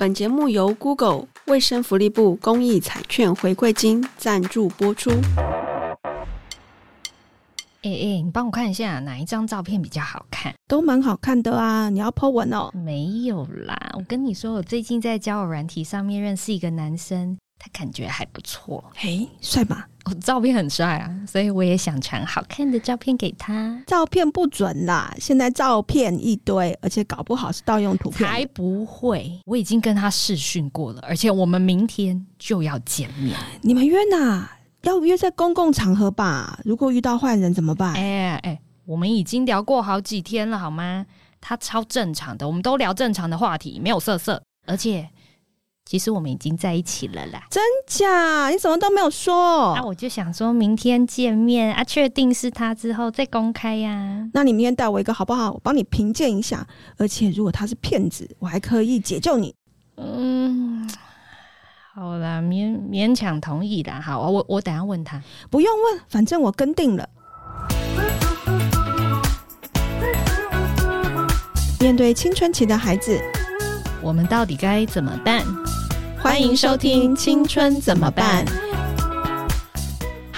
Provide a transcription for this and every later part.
本節目由 Google 衛生福利部公益彩券回饋金贊助播出。哎哎，你幫我看一下哪一張照片比較好看？都蠻好看的啊！你要 po 文哦？沒有啦，我跟你說，我最近在交友軟體上面認識一個男生。他感覺還不錯，嘿、欸，帥吧？我、哦、照片很帥啊，所以我也想傳好看的照片給他。照片不準啦，現在照片一堆，而且搞不好是盜用圖片，才不會。我已經跟他視訊過了，而且我們明天就要見面。你們約哪？要不約在公共場合吧，如果遇到壞人怎麼辦？哎哎、欸欸，我們已經聊過好幾天了，好嗎？他超正常的，我們都聊正常的話題，沒有色色，而且。其實我們已經在一起了啦，真假？你什麼都沒有說？那、啊、我就想說明天見面啊，確定是他之後再公開呀、啊。那你明天帶我一個好不好？我幫你評鑑一下。而且如果他是騙子，我還可以解救你。嗯，好啦，勉勉強同意的。好啊，我我等下問他。不用問，反正我跟定了。 面對青春期的孩子， 我們到底該怎麼辦？歡迎收聽《青春怎麼辦》。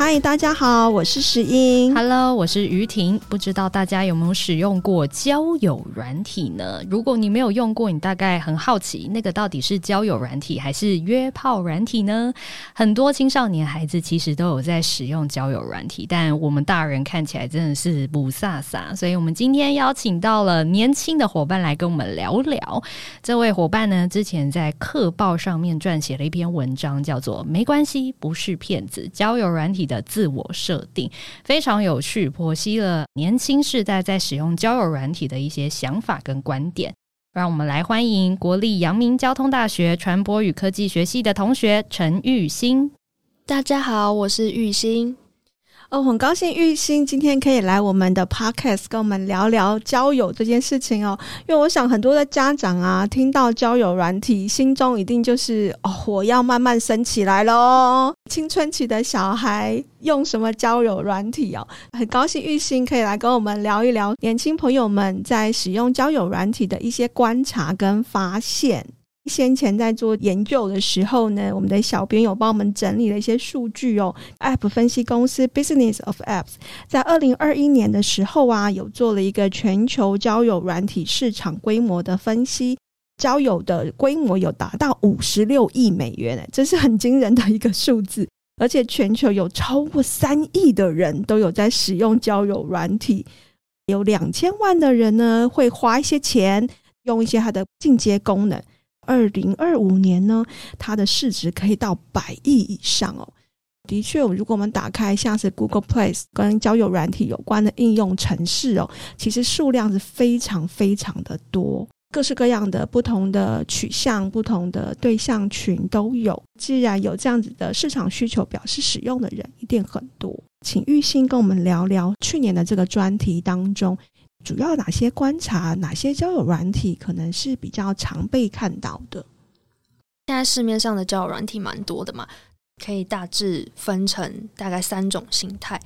嗨，Hi, 大家好，我是石英。Hello，我是於婷。不知道大家有沒有使用過交友軟體呢？如果你沒有用過，你大概很好奇，那個到底是交友軟體還是約炮軟體呢？很多青少年孩子其實都有在使用交友軟體，但我們大人看起來真的是霧煞煞。所以我們今天邀請到了年輕的夥伴來跟我們聊聊。這位夥伴呢，之前在喀報上面撰寫了一篇文章，叫做《沒關係，不是騙子》，交友軟體。的自我設定，非常有趣，剖析了年輕世代在使用交友軟體的一些想法跟觀點。讓我們來歡迎國立陽明交通大學傳播與科技學系的同學陳昱心。大家好，我是昱心。哦，很高興昱心今天可以來我們的 podcast，跟我們聊聊交友這件事情哦。因為我想很多的家長啊，聽到交友軟體，心中一定就是哦，火要慢慢升起來嘍。青春期的小孩用什麼交友軟體哦？很高興昱心可以來跟我們聊一聊年輕朋友們在使用交友軟體的一些觀察跟發現。先前在做研究的時候呢，我們的小編有幫我們整理了一些數據哦。App 分析公司 Business of Apps 在二零二一年的時候啊，有做了一個全球交友軟體市場規模的分析。交友的規模有達到五十六億美元，哎，這是很驚人的一個數字。而且全球有超過三億的人都有在使用交友軟體，有兩千萬的人呢會花一些錢用一些它的進階功能。二零二五年呢，它的市值可以到百億以上哦。的確，如果我們打開像是 Google Play 跟交友軟體有關的應用程式哦，其實數量是非常非常的多，各式各樣的、不同的取向、不同的對象群都有。既然有這樣子的市場需求，表示使用的人一定很多。請昱心跟我們聊聊去年的這個專題當中。主要哪些觀察？哪些交友軟體可能是比較常被看到的？現在市面上的交友軟體蠻多的嘛，可以大致分成大概三種形態。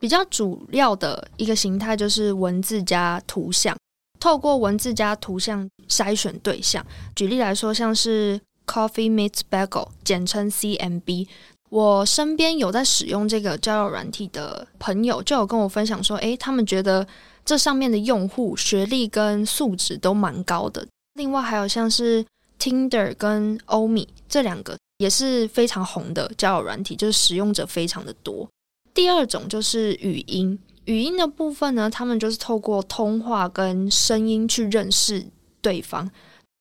比較主要的一個形態就是文字加圖像，透過文字加圖像篩選對象。舉例來說，像是 Coffee Meets Bagel，簡稱 CMB，我身邊有在使用這個交友軟體的朋友，就有跟我分享說，哎，他們覺得。這上面的用戶學歷跟素質都蠻高的，另外還有像是 Tinder 跟 Omi 這兩個也是非常紅的交友軟體，就是使用者非常的多。第二種就是語音，語音的部分呢，他們就是透過通話跟聲音去認識對方。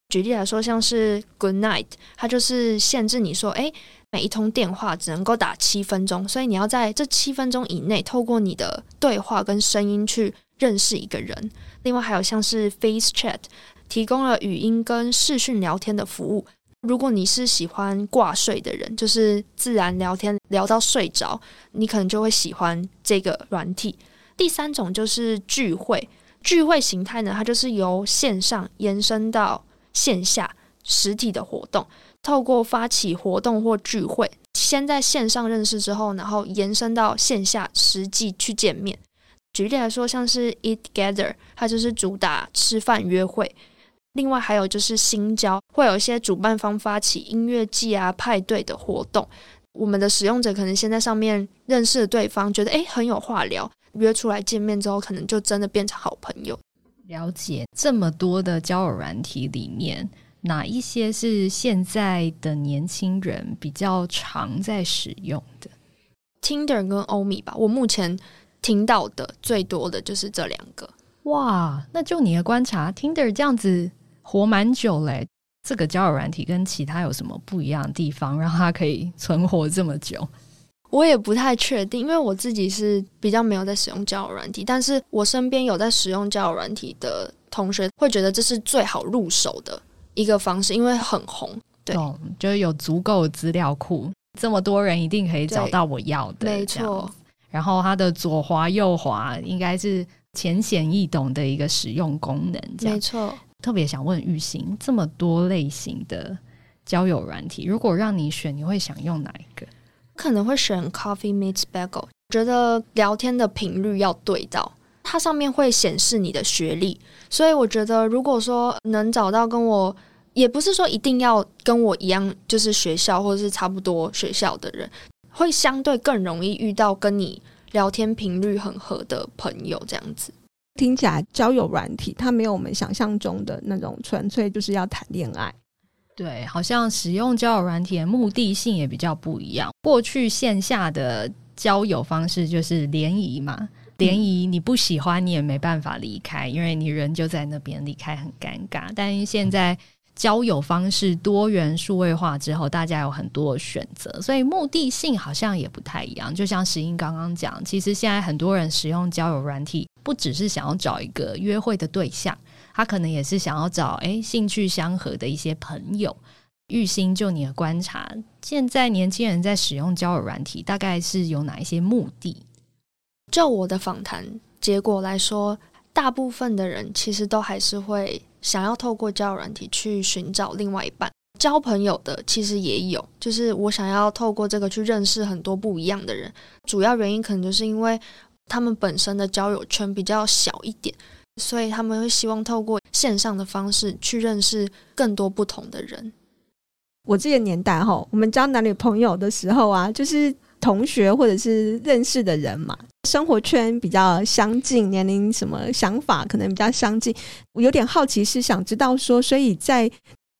舉例來說，像是 Goodnight，它就是限制你說，哎。每一通電話只能夠打七分鐘，所以你要在這七分鐘以內透過你的對話跟聲音去認識一個人。另外還有像是 FaceChat，提供了語音跟視訊聊天的服務。如果你是喜歡掛睡的人，就是自然聊天，聊到睡着，你可能就會喜歡這個軟體。第三種就是聚會，聚會形態呢，它就是由線上延伸到線下實體的活動。透過發起活動或聚會，先在線上認識之後，然後延伸到線下實際去見面。舉例來說，像是 Eat Gather，它就是主打吃飯約會。另外還有就是新交，會有一些主辦方發起音樂祭啊、派對的活動。我們的使用者可能先在上面認識了對方，覺得哎、欸、很有話聊，約出來見面之後，可能就真的變成好朋友。了解這麼多的交友軟體裡面。哪一些是現在的年輕人比較常在使用的？Tinder 跟 Omi 吧，我目前聽到的最多的就是這兩個。哇，那就你的觀察，Tinder 這樣子活蠻久嘞。這個交友軟體跟其他有什麼不一樣的地方，讓它可以存活這麼久？我也不太確定，因為我自己是比較沒有在使用交友軟體，但是我身邊有在使用交友軟體的同學會覺得這是最好入手的。一個方式，因為很紅，對，就是有足夠的資料庫，這麼多人一定可以找到我要的，沒錯。然後它的左滑右滑，應該是淺顯易懂的一個使用功能，這樣沒錯。特別想問昱心，這麼多類型的交友軟體，如果讓你選，你會想用哪一個？可能會選 Coffee Meets Bagel，覺得聊天的頻率要對到，它上面會顯示你的學歷，所以我覺得如果說能找到跟我也不是說一定要跟我一樣，就是學校或者是差不多學校的人，會相對更容易遇到跟你聊天頻率很合的朋友。這樣子。聽起來，交友軟體它沒有我們想象中的那種純粹就是要談戀愛。對，好像使用交友軟體的目的性也比較不一樣。過去線下的交友方式就是聯誼嘛，聯誼、嗯、你不喜歡你也沒辦法離開，因為你人就在那邊，離開很尷尬。但現在、嗯交友方式多元數位化之後，大家有很多選擇，所以目的性好像也不太一樣。就像石英剛剛講，其實現在很多人使用交友軟體，不只是想要找一個約會的對象，他可能也是想要找哎興趣相合的一些朋友。昱心，就你的觀察，現在年輕人在使用交友軟體，大概是有哪一些目的？照我的訪談結果來說。大部分的人其實都還是會想要透過交友軟體去尋找另外一半，交朋友的其實也有，就是我想要透過這個去認識很多不一樣的人。主要原因可能就是因為他們本身的交友圈比較小一點，所以他們會希望透過線上的方式去認識更多不同的人。我這個年代哈，我們交男女朋友的時候啊，就是。同學或者是認識的人嘛，生活圈比較相近，年齡什麼想法可能比較相近。我有點好奇，是想知道說，所以在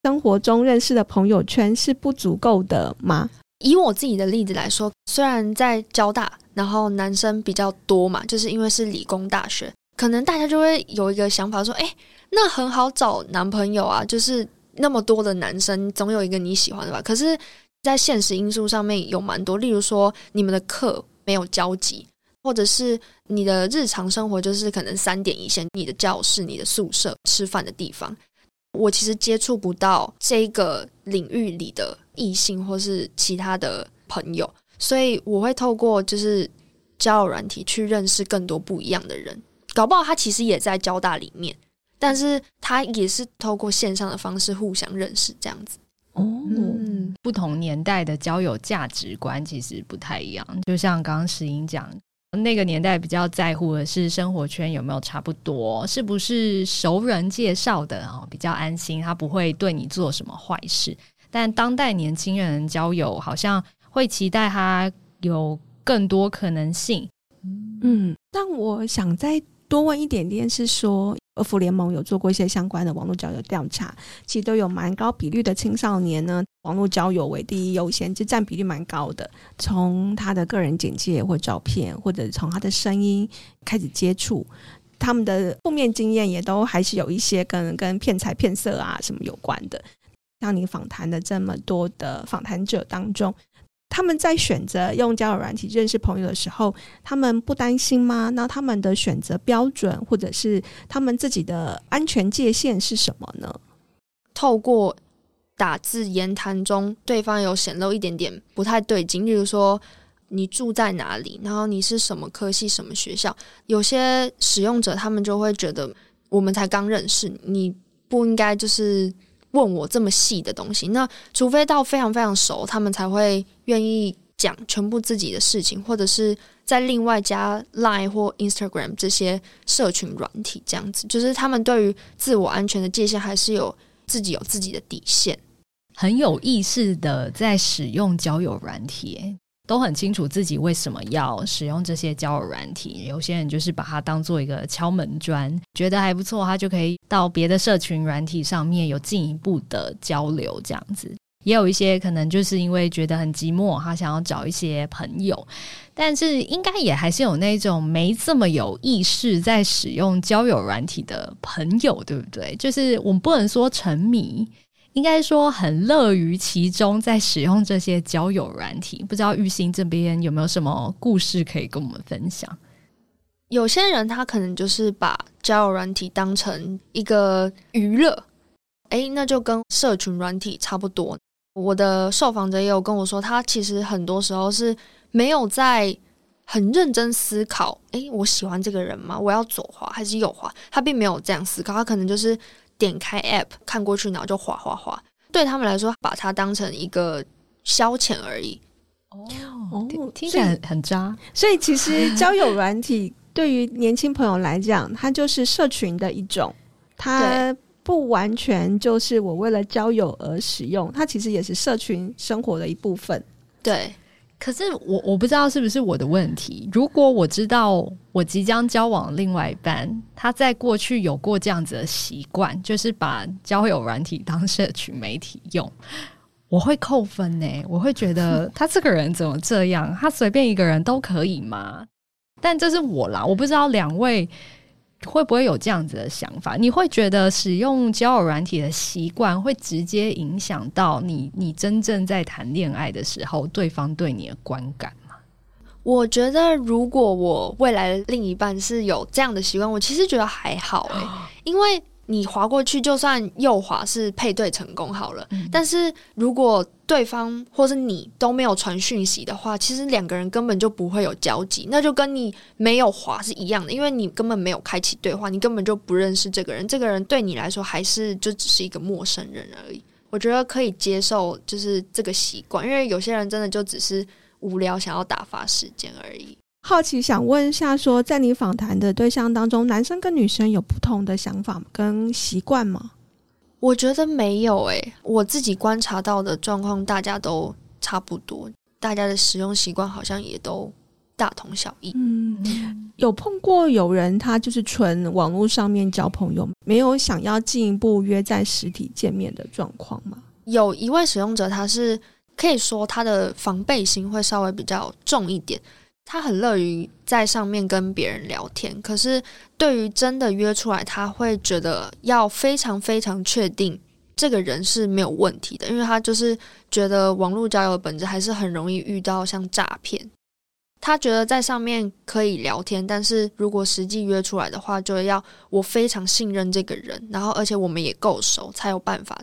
生活中認識的朋友圈是不足夠的嗎？以我自己的例子來說，雖然在交大，然後男生比較多嘛，就是因為是理工大學，可能大家就會有一個想法說，欸，那很好找男朋友啊，就是那麼多的男生，總有一個你喜歡的吧？可是。在現實因素上面有蠻多，例如說你們的課沒有交集，或者是你的日常生活就是可能三點一線，你的教室、你的宿舍、吃飯的地方，我其實接觸不到這個領域裡的異性或是其他的朋友，所以我會透過就是交友軟體去認識更多不一樣的人。搞不好他其實也在交大裡面，但是他也是透過線上的方式互相認識這樣子。哦，嗯，不同年代的交友價值觀其實不太一樣。就像剛剛石英講，那個年代比較在乎的是生活圈有沒有差不多，是不是熟人介紹的啊，比較安心，他不會對你做什麼壞事。但當代年輕人交友好像會期待他有更多可能性。嗯，嗯，但我想再多問一點點，是說。兒福聯盟有做過一些相關的網絡交友調查，其實都有蠻高比率的青少年呢，網絡交友為第一優先，就占比率蠻高的。從他的個人簡介或照片，或者從他的聲音開始接觸，他們的負面經驗也都還是有一些跟跟騙財騙色啊什麼有關的。像你訪談的這麼多的訪談者當中。他們在選擇用交友軟體認識朋友的時候，他們不擔心嗎？那他們的選擇標準，或者是他們自己的安全界限是什麼呢？透過打字言談中，對方有顯露一點點不太對勁，例如說你住在哪裡，然後你是什麼科系、什麼學校，有些使用者他們就會覺得我們才剛認識，你不應該就是。問我這麼細的東西，那除非到非常非常熟，他們才會願意講全部自己的事情，或者是在另外加 Line 或 Instagram 這些社群軟體這樣子，就是他們對於自我安全的界限還是有自己有自己的底線，很有意識的在使用交友軟體，欸。都很清楚自己為什麼要使用這些交友軟體，有些人就是把它當做一個敲門磚，覺得還不錯，他就可以到別的社群軟體上面有進一步的交流，這樣子。也有一些可能就是因為覺得很寂寞，他想要找一些朋友，但是應該也還是有那種沒這麼有意識在使用交友軟體的朋友，對不對？就是我們不能說沉迷。應該說很樂於其中，在使用這些交友軟體。不知道昱心這邊有沒有什麼故事可以跟我們分享？有些人他可能就是把交友軟體當成一個娛樂，誒、欸，那就跟社群軟體差不多。我的受訪者也有跟我說，他其實很多時候是沒有在很認真思考，誒、欸，我喜歡這個人嗎？我要左滑還是右滑？他並沒有這樣思考，他可能就是。點開 App 看過去，然後就滑滑滑。對他們來說，把它當成一個消遣而已。哦，聽起來很渣。所以其實交友軟體對於年輕朋友來講，它就是社群的一種。它不完全就是我為了交友而使用，它其實也是社群生活的一部分。對。可是我我不知道是不是我的問題。如果我知道我即將交往另外一半，他在過去有過這樣子的習慣，就是把交友軟體當社群媒體用，我會扣分耶。我會覺得他這個人怎麼這樣？ 他隨便一個人都可以嗎？但這是我啦，我不知道兩位。會不會有這樣子的想法？你會覺得使用交友軟體的習慣會直接影響到你，你真正在談戀愛的時候，對方對你的觀感嗎？我覺得，如果我未來的另一半是有這樣的習慣，我其實覺得還好欸，哦，因為。你滑過去，就算右滑是配對成功好了。嗯。但是如果對方或是你都沒有傳訊息的話，其實兩個人根本就不會有交集，那就跟你沒有滑是一樣的，因為你根本沒有開啟對話，你根本就不認識這個人，這個人對你來說還是就只是一個陌生人而已。我覺得可以接受，就是這個習慣，因為有些人真的就只是無聊想要打發時間而已。好奇想問一下，說在你訪談的對象當中，男生跟女生有不同的想法跟習慣嗎？我覺得沒有誒、欸，我自己觀察到的狀況，大家都差不多，大家的使用習慣好像也都大同小異。嗯，有碰過有人他就是純網絡上面交朋友，沒有想要進一步約在實體見面的狀況嗎？有一位使用者，他是可以說他的防備心會稍微比較重一點。他很樂於在上面跟別人聊天，可是對於真的約出來，他會覺得要非常非常確定這個人是沒有問題的，因為他就是覺得網絡交友的本質還是很容易遇到像詐騙。他覺得在上面可以聊天，但是如果實際約出來的話，就要我非常信任這個人，然後而且我們也夠熟，才有辦法。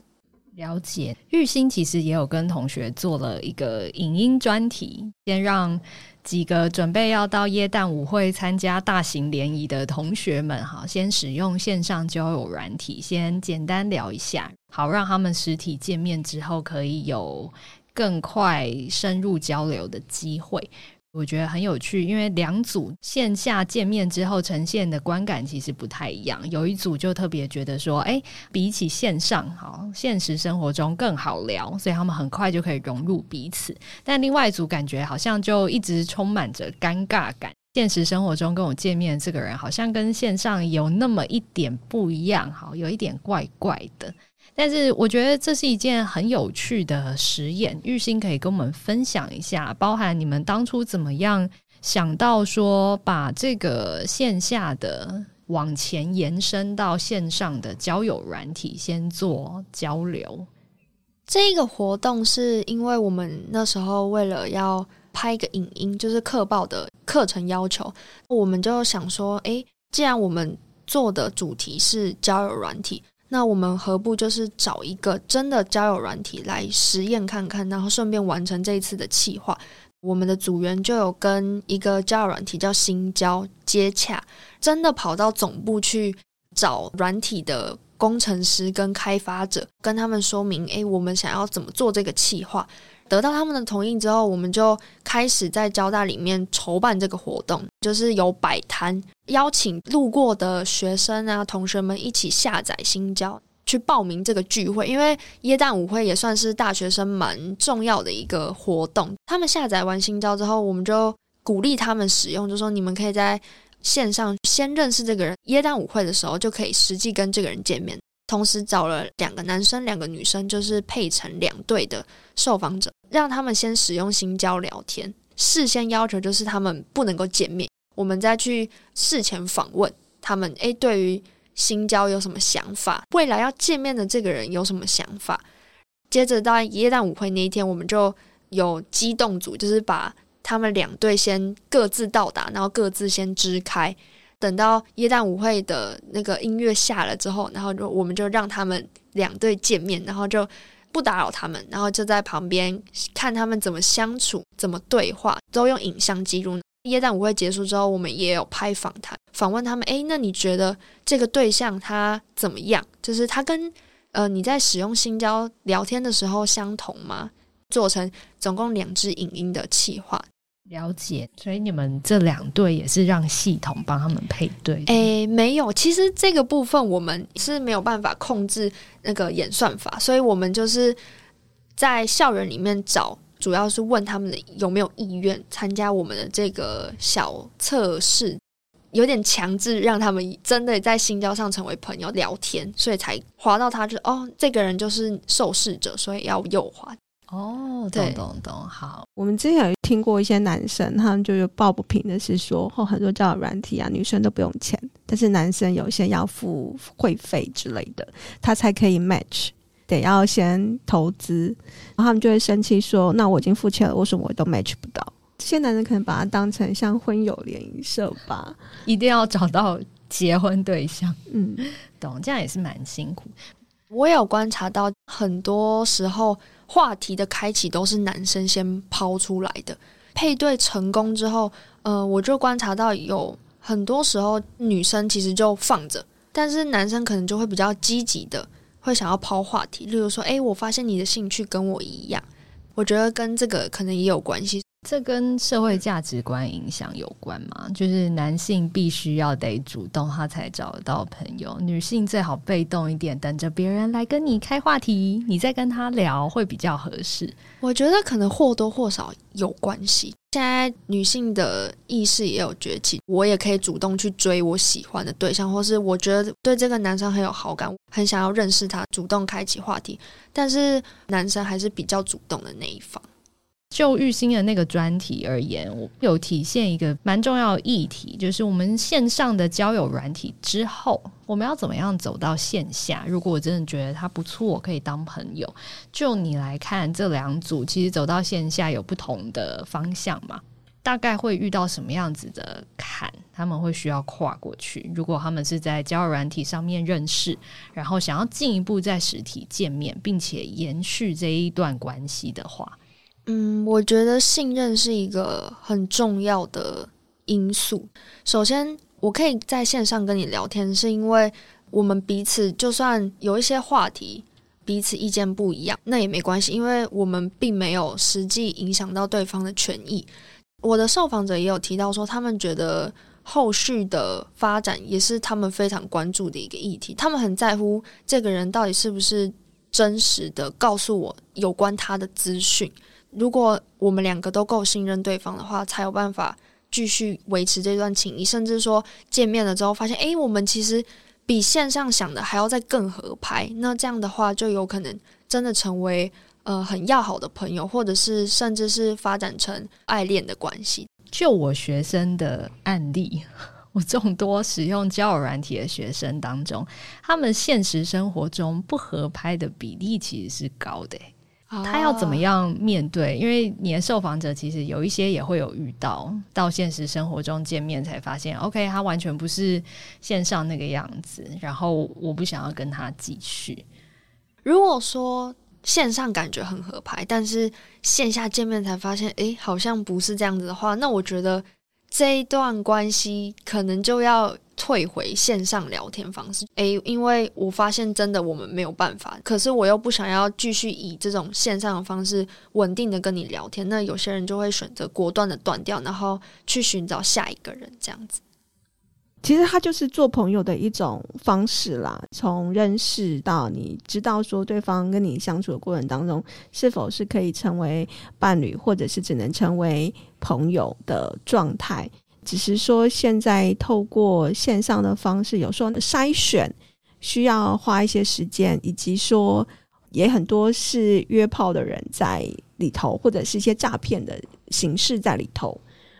了解，昱心其實也有跟同學做了一個影音專題，先讓幾個準備要到耶誕舞會參加大型聯誼的同學們，哈，先使用線上交友軟體，先簡單聊一下，好讓他們實體見面之後可以有更快深入交流的機會。我覺得很有趣，因為兩組線下見面之後呈現的觀感其實不太一樣。有一組就特別覺得說，誒，比起線上，好，現實生活中更好聊，所以他們很快就可以融入彼此。但另外一組感覺好像就一直充滿着尷尬感。現實生活中跟我見面的這個人，好像跟線上有那麼一點不一樣，哈，有一點怪怪的。但是我覺得這是一件很有趣的實驗，昱心可以跟我們分享一下，包含你們當初怎麼樣想到說把這個線下的往前延伸到線上的交友軟體，先做交流。這個活動是因為我們那時候為了要拍一個影音，就是喀報的課程要求，我們就想說，誒，既然我們做的主題是交友軟體。那我們何不就是找一個真的交友軟體來實驗看看，然後順便完成這一次的企劃。我們的組員就有跟一個交友軟體叫新交接洽，真的跑到總部去找軟體的工程師跟開發者，跟他們說明：誒，我們想要怎麼做這個企劃？得到他們的同意之後，我們就開始在交大裡面籌辦這個活動，就是有擺攤，邀請路過的學生啊、同學們一起下載新交，去報名這個聚會。因為耶誕舞會也算是大學生蠻重要的一個活動。他們下載完新交之後，我們就鼓勵他們使用，就說你們可以在線上先認識這個人，耶誕舞會的時候就可以實際跟這個人見面。同時找了兩個男生、兩個女生，就是配成兩對的受訪者，讓他們先使用新交聊天。事先要求就是他們不能夠見面。我們再去事前訪問他們，誒，對於新交有什麼想法？未來要見面的這個人有什麼想法？接着到耶誕舞會那一天，我們就有機動組，就是把他們兩隊先各自到達，然後各自先支開。等到耶誕舞會的那個音樂下了之後，然後就我們就讓他們兩隊見面，然後就不打擾他們，然後就在旁邊看他們怎麼相處、怎麼對話，都用影像記錄。耶誕舞會結束之後，我們也有拍訪談，訪問他們。誒，那你覺得這個對象他怎麼樣？就是他跟呃你在使用新交聊天的時候相同嗎？做成總共兩支影音的企劃。了解，所以你們這兩對也是讓系統幫他們配對？哎、欸，沒有，其實這個部分我們是沒有辦法控制那個演算法，所以我們就是在校園裡面找，主要是問他們的有沒有意願參加我們的這個小測試，有點強制讓他們真的在新交上成為朋友聊天，所以才滑到他就，就哦，這個人就是受試者，所以要右滑。哦，oh, 對懂懂，好。我們之前有聽過一些男生，他們就抱不平的，是說後、哦、很多交友軟體啊，女生都不用錢，但是男生有些要付會費之類的，他才可以 match，得要先投資，然後他們就會生氣說：“那我已經付錢了，為什麼我都 match 不到？”這些男人可能把他當成像婚友聯誼社吧，一定要找到結婚對象。嗯，懂，這樣也是蠻辛苦。我有觀察到，很多時候，話題的開啟都是男生先拋出來的，配對成功之後，呃，我就觀察到有很多時候女生其實就放着，但是男生可能就會比較積極的會想要拋話題，例如說，誒，我發現你的興趣跟我一樣，我覺得跟這個可能也有關係。這跟社會價值觀影響有關嗎？就是男性必須要得主動，他才找得到朋友；女性最好被動一點，等着別人來跟你開話題，你再跟他聊會比較合適。我覺得可能或多或少有關係。現在女性的意識也有崛起，我也可以主動去追我喜歡的對象，或是我覺得對這個男生很有好感，很想要認識他，主動開啟話題。但是男生還是比較主動的那一方。就昱心的那個專題而言，我有體現一個蠻重要的議題，就是我們線上的交友軟體之後，我們要怎麼樣走到線下？如果我真的覺得他不錯，我可以當朋友。就你來看，這兩組其實走到線下有不同的方向嘛？大概會遇到什麼樣子的坎？他們會需要跨過去？如果他們是在交友軟體上面認識，然後想要進一步在實體見面，並且延續這一段關係的話。嗯，我覺得信任是一個很重要的因素。首先，我可以在線上跟你聊天，是因為我們彼此就算有一些話題，彼此意見不一樣，那也沒關係，因為我們並沒有實際影響到對方的權益。我的受訪者也有提到說，他們覺得後續的發展也是他們非常關注的一個議題，他們很在乎這個人到底是不是真實的告訴我有關他的資訊。如果我們兩個都夠信任對方的話，才有辦法繼續維持這段情誼，甚至說見面了之後發現，誒，我們其實比線上想的還要再更合拍。那這樣的話，就有可能真的成為呃很要好的朋友，或者是甚至是發展成愛戀的關係。就我學生的案例，我眾多使用交友軟體的學生當中，他們現實生活中不合拍的比例其實是高的。他要怎麼樣面對？因為你的受訪者其實有一些也會有遇到，到現實生活中見面才發現，OK，他完全不是線上那個樣子。然後我不想要跟他繼續。如果說線上感覺很合拍，但是線下見面才發現，誒、欸，好像不是這樣子的話，那我覺得這一段關係可能就要。退回線上聊天方式，誒，因為我發現真的我們沒有辦法，可是我又不想要繼續以這種線上的方式穩定的跟你聊天，那有些人就會選擇果斷的斷掉，然後去尋找下一個人這樣子。其實他就是做朋友的一種方式啦，從認識到你知道說，對方跟你相處的過程當中，是否是可以成為伴侶，或者是只能成為朋友的狀態。只是說，現在透過線上的方式，有時候篩選需要花一些時間，以及說，也很多是約炮的人在裡頭，或者是一些詐騙的形式在裡頭。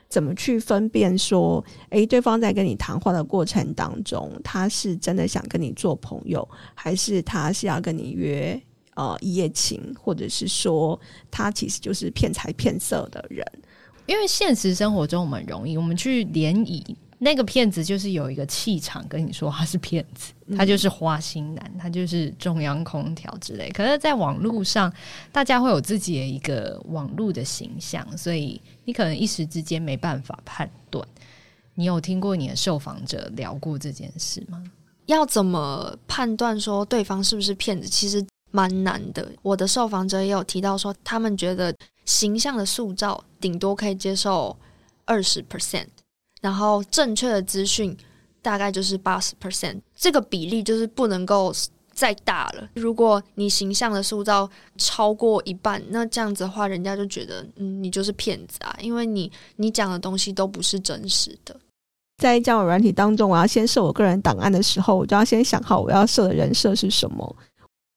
怎麼去分辨說，哎，對方在跟你談話的過程當中，他是真的想跟你做朋友，還是他是要跟你約呃一夜情，或者是說他其實就是騙財騙色的人？因為現實生活中我們容易，我們去聯誼那個騙子就是有一個氣場跟你說他是騙子，他就是花心男，嗯、他就是中央空調之類。可是，在網絡上，大家會有自己的一個網絡的形象，所以你可能一時之間沒辦法判斷。你有聽過你的受訪者聊過這件事嗎？要怎麼判斷說對方是不是騙子？其實蠻難的。我的受訪者也有提到說，他們覺得。形象的塑造頂多可以接受二十 percent，然後正確的資訊大概就是八十 percent，這個比例就是不能夠再大了。如果你形象的塑造超過一半，那這樣子的話，人家就覺得嗯，你就是騙子啊，因為你你講的東西都不是真實的。在交友軟體當中，我要先設我個人檔案的時候，我就要先想好我要設的人設是什麼，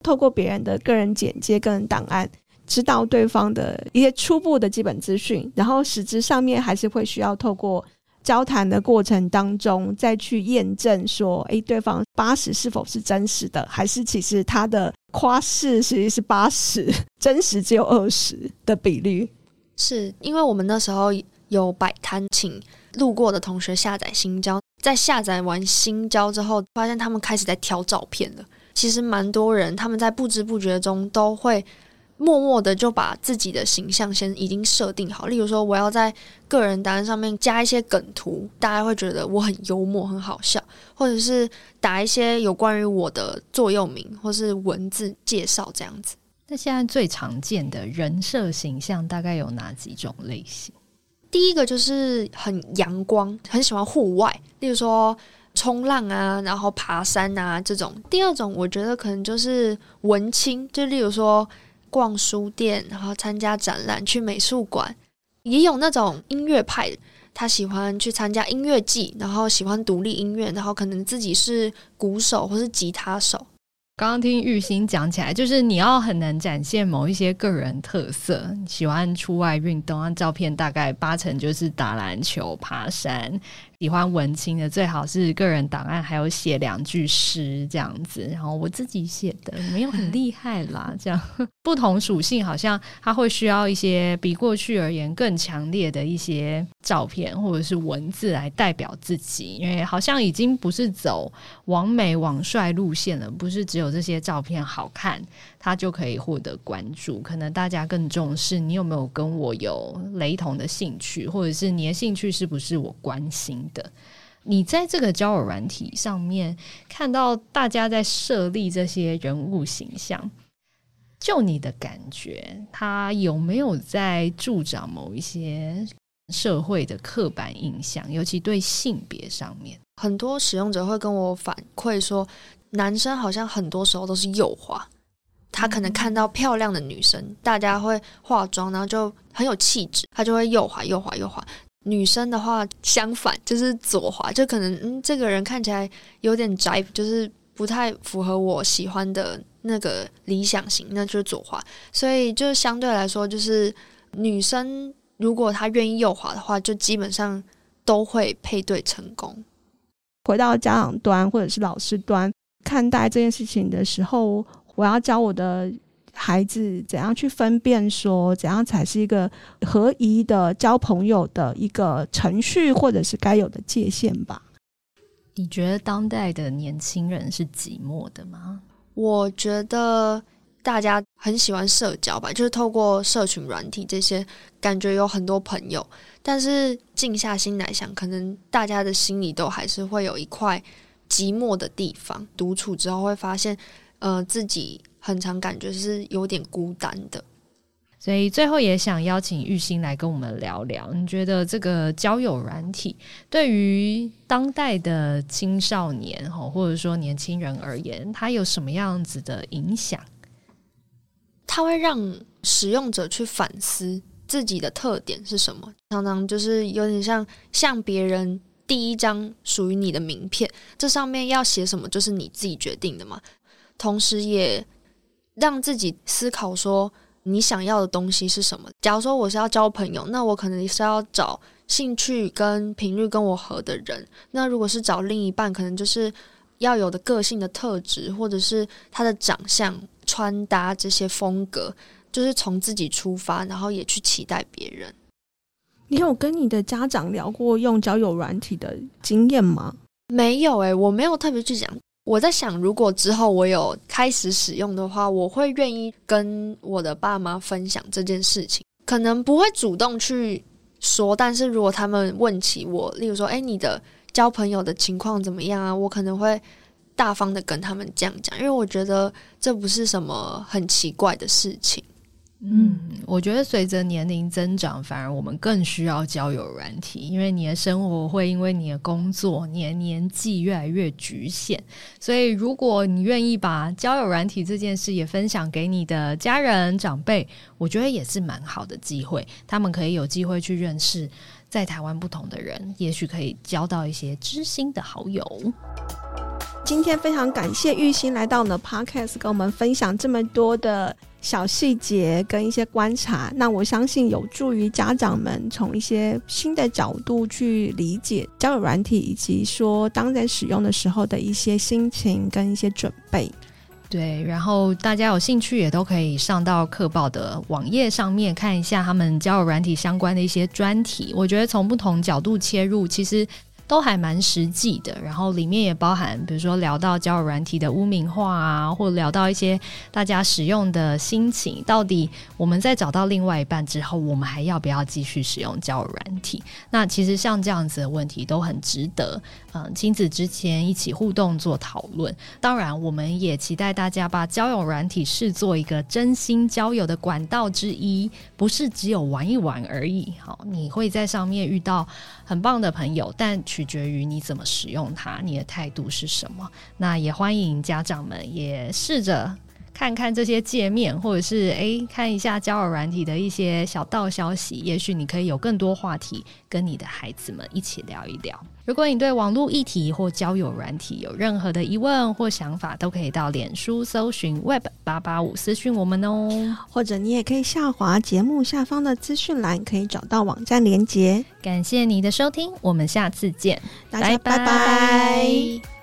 透過別人的個人簡介、個人檔案，知道對方的一些初步的基本資訊，然後實質上面還是會需要透過交談的過程當中再去驗證，說，誒，對方八十是否是真實的，還是其實他的誇飾實際是八十，真實只有二十的比例。是因為我們那時候有擺攤，請路過的同學下載新交，在下載完新交之後，發現他們開始在挑照片了。其實蠻多人，他們在不知不覺中都會。默默的就把自己的形象先已經設定好，例如說我要在個人檔案上面加一些梗圖，大家會覺得我很幽默、很好笑，或者是打一些有關於我的座右銘或是文字介紹這樣子。那現在最常見的人設形象大概有哪幾種類型？第一個就是很陽光，很喜歡戶外，例如說衝浪啊，然後爬山啊這種。第二種我覺得可能就是文青，就例如說。逛書店，然後參加展覽，去美術館，也有那種音樂派，他喜歡去參加音樂季，然後喜歡獨立音樂，然後可能自己是鼓手或是吉他手。剛剛聽昱心講起來，就是你要很能展現某一些個人特色，喜歡出外運動，照片大概八成就是打籃球、爬山。喜歡文青的最好是個人檔案，還有寫兩句詩這樣子，然後我自己寫的沒有很厲害啦，這樣 不同屬性好像他會需要一些比過去而言更強烈的一些照片或者是文字來代表自己，因為好像已經不是走網美網帥路線了，不是只有這些照片好看，他就可以獲得關注。可能大家更重視你有沒有跟我有雷同的興趣，或者是你的興趣是不是我關心的，你在這個交友軟體上面看到大家在設立這些人物形象，就你的感覺，他有沒有在助長某一些社會的刻板印象？尤其對性別上面，很多使用者會跟我反饋說，男生好像很多時候都是右滑。他可能看到漂亮的女生，大家會化妝，然後就很有氣質，他就會右滑、右滑、右滑。女生的話相反就是左滑，就可能嗯這個人看起來有點宅，就是不太符合我喜歡的那個理想型，那就是左滑。所以就是相對來說，就是女生如果她願意右滑的話，就基本上都會配對成功。回到家長端或者是老師端看待這件事情的時候，我要教我的。孩子怎樣去分辨說，怎樣才是一個合宜的交朋友的一個程序，或者是該有的界限吧？你覺得當代的年輕人是寂寞的嗎？我覺得大家很喜歡社交吧，就是透過社群軟體這些，感覺有很多朋友。但是靜下心來想，可能大家的心裡都還是會有一塊寂寞的地方。獨處之後會發現。呃，自己很常感覺是有點孤單的，所以最後也想邀請昱心來跟我們聊聊。你覺得這個交友軟體對於當代的青少年或者說年輕人而言，它有什麼樣子的影響？它會讓使用者去反思自己的特點是什麼，常常就是有點像，像別人第一張屬於你的名片，這上面要寫什麼，就是你自己決定的嘛。同時也讓自己思考說你想要的東西是什麼。假如說我是要交朋友，那我可能是要找興趣跟頻率跟我合的人。那如果是找另一半，可能就是要有的個性的特質，或者是他的長相、穿搭這些風格，就是從自己出發，然後也去期待別人。你有跟你的家長聊過用交友軟體的經驗嗎？沒有誒、欸，我沒有特別去講。我在想，如果之後我有開始使用的話，我會願意跟我的爸媽分享這件事情，可能不會主動去說，但是如果他們問起我，例如說，誒、欸，你的交朋友的情況怎麼樣啊，我可能會大方的跟他們講講，因為我覺得這不是什麼很奇怪的事情。嗯，我覺得隨着年齡增長，反而我們更需要交友軟體，因為你的生活會因為你的工作、你的年紀越來越侷限。所以，如果你願意把交友軟體這件事也分享給你的家人、長輩，我覺得也是蠻好的機會，他們可以有機會去認識在台灣不同的人，也許可以交到一些知心的好友。今天非常感謝昱心來到我們的 Podcast，跟我們分享這麼多的小細節跟一些觀察。那我相信有助於家長們從一些新的角度去理解交友軟體，以及說當在使用的時候的一些心情跟一些準備。對，然後大家有興趣也都可以上到喀報的網頁上面看一下他們交友軟體相關的一些專題。我覺得從不同角度切入，其實。都還蠻實際的，然後裡面也包含，比如說聊到交友軟體的污名化啊，或聊到一些大家使用的心情，到底我們在找到另外一半之後，我們還要不要繼續使用交友軟體？那其實像這樣子的問題都很值得。嗯，親子之前一起互動做討論。當然，我們也期待大家把交友軟體視作一個真心交友的管道之一，不是只有玩一玩而已。好、哦，你會在上面遇到很棒的朋友，但取決於你怎麼使用它，你的態度是什麼。那也歡迎家長們也試着。看看這些界面，或者是哎，看一下交友軟體的一些小道消息，也許你可以有更多話題跟你的孩子們一起聊一聊。如果你對網絡議題或交友軟體有任何的疑問或想法，都可以到臉書搜尋 Web 八八五，私訊我們哦，或者你也可以下滑節目下方的資訊欄，可以找到網站連結。感謝你的收聽，我們下次見，大家拜拜。拜拜